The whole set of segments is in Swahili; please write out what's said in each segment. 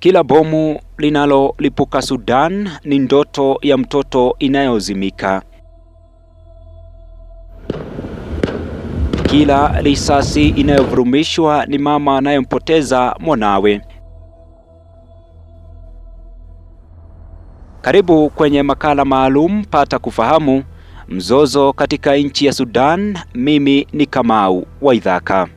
Kila bomu linalolipuka Sudan ni ndoto ya mtoto inayozimika. Kila risasi inayovurumishwa ni mama anayempoteza mwanawe. Karibu kwenye makala maalum pata kufahamu mzozo katika nchi ya Sudan. Mimi ni Kamau wa Idhaka.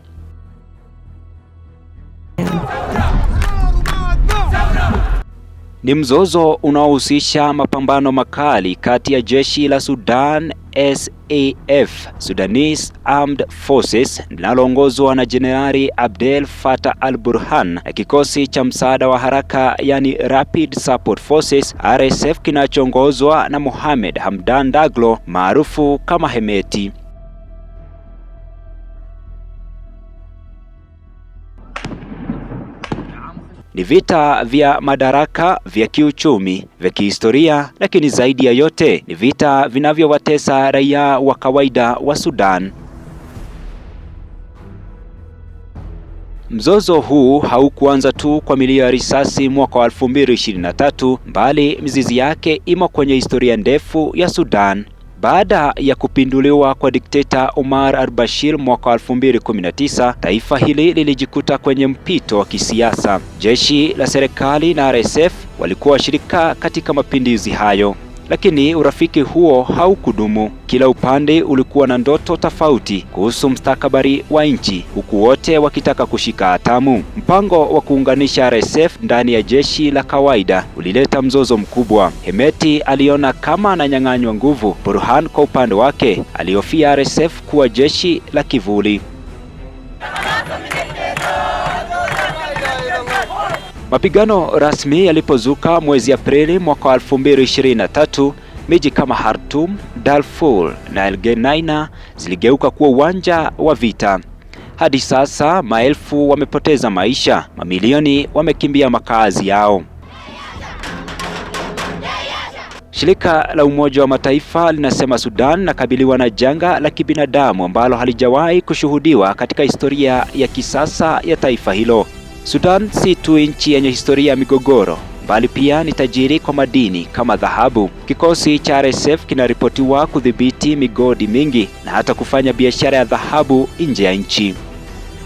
ni mzozo unaohusisha mapambano makali kati ya jeshi la Sudan SAF, Sudanese Armed Forces, linaloongozwa na Jenerali Abdel Fattah al-Burhan na kikosi cha msaada wa haraka yani Rapid Support Forces RSF kinachoongozwa na Mohamed Hamdan Daglo maarufu kama Hemeti. ni vita vya madaraka, vya kiuchumi, vya kihistoria, lakini zaidi ya yote ni vita vinavyowatesa raia wa kawaida wa Sudan. Mzozo huu haukuanza tu kwa milio ya risasi mwaka wa 2023, bali mizizi yake imo kwenye historia ndefu ya Sudan. Baada ya kupinduliwa kwa dikteta Omar al-Bashir mwaka 2019, taifa hili lilijikuta kwenye mpito wa kisiasa. Jeshi la serikali na RSF walikuwa washirika katika mapinduzi hayo lakini urafiki huo haukudumu. Kila upande ulikuwa na ndoto tofauti kuhusu mstakabari wa nchi, huku wote wakitaka kushika hatamu. Mpango wa kuunganisha RSF ndani ya jeshi la kawaida ulileta mzozo mkubwa. Hemeti aliona kama ananyang'anywa nguvu. Burhan kwa upande wake alihofia RSF kuwa jeshi la kivuli. Mapigano rasmi yalipozuka mwezi Aprili mwaka wa 2023, miji kama Khartoum, Darfur na Geneina ziligeuka kuwa uwanja wa vita. Hadi sasa maelfu wamepoteza maisha, mamilioni wamekimbia makazi yao. Shirika la Umoja wa Mataifa linasema Sudan nakabiliwa na janga la kibinadamu ambalo halijawahi kushuhudiwa katika historia ya kisasa ya taifa hilo. Sudan si tu nchi yenye historia ya migogoro bali pia ni tajiri kwa madini kama dhahabu. Kikosi cha RSF kinaripotiwa kudhibiti migodi mingi na hata kufanya biashara ya dhahabu nje ya nchi.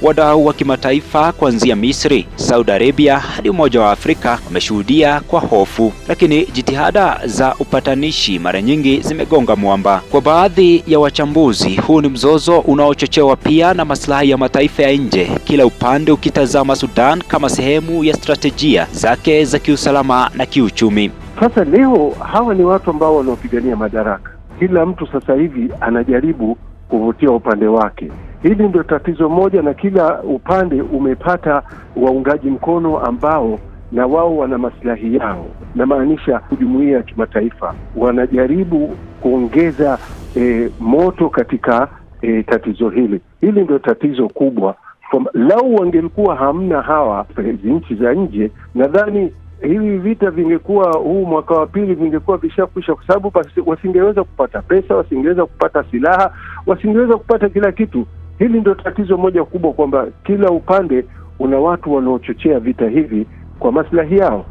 Wadau wa kimataifa kuanzia Misri, Saudi Arabia hadi Umoja wa Afrika wameshuhudia kwa hofu, lakini jitihada za upatanishi mara nyingi zimegonga mwamba. Kwa baadhi ya wachambuzi, huu ni mzozo unaochochewa pia na maslahi ya mataifa ya nje, kila upande ukitazama Sudan kama sehemu ya stratejia zake za kiusalama na kiuchumi. Sasa leo hawa ni watu ambao wanaopigania madaraka. Kila mtu sasa hivi anajaribu kuvutia upande wake. Hili ndio tatizo moja, na kila upande umepata waungaji mkono ambao na wao wana masilahi yao, namaanisha jumuiya ya kimataifa wanajaribu kuongeza e, moto katika e, tatizo hili. Hili ndio tatizo kubwa, lau wangelikuwa hamna hawa eh, nchi za nje, nadhani hivi vita vingekuwa huu mwaka wa pili vingekuwa vishakwisha, kwa sababu wasingeweza kupata pesa, wasingeweza kupata silaha, wasingeweza kupata kila kitu. Hili ndio tatizo moja kubwa, kwamba kila upande una watu wanaochochea vita hivi kwa maslahi yao.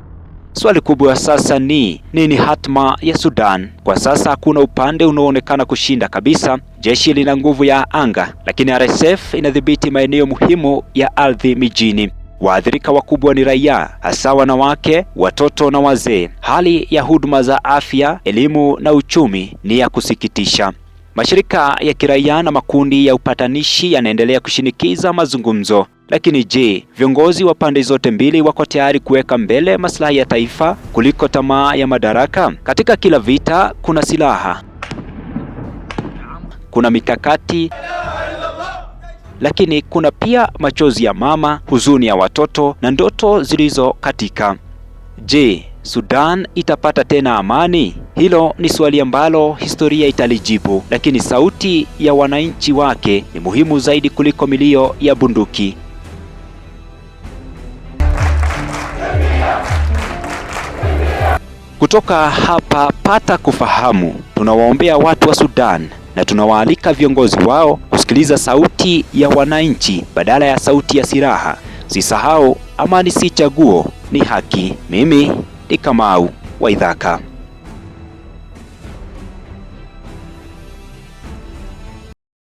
Swali kubwa sasa ni nini hatma ya Sudan? Kwa sasa hakuna upande unaoonekana kushinda kabisa. Jeshi lina nguvu ya anga, lakini RSF inadhibiti maeneo muhimu ya ardhi mijini. Waathirika wakubwa ni raia, hasa wanawake, watoto na wazee. Hali ya huduma za afya, elimu na uchumi ni ya kusikitisha. Mashirika ya kiraia na makundi ya upatanishi yanaendelea kushinikiza mazungumzo. Lakini je, viongozi wa pande zote mbili wako tayari kuweka mbele maslahi ya taifa kuliko tamaa ya madaraka? Katika kila vita kuna silaha, kuna mikakati, lakini kuna pia machozi ya mama, huzuni ya watoto na ndoto zilizokatika. Je, Sudan itapata tena amani? Hilo ni swali ambalo historia italijibu, lakini sauti ya wananchi wake ni muhimu zaidi kuliko milio ya bunduki. Kutoka hapa Pata Kufahamu, tunawaombea watu wa Sudan na tunawaalika viongozi wao kusikiliza sauti ya wananchi badala ya sauti ya silaha. sisahau amani si chaguo, ni haki. Mimi ni Kamau wa Ithaka.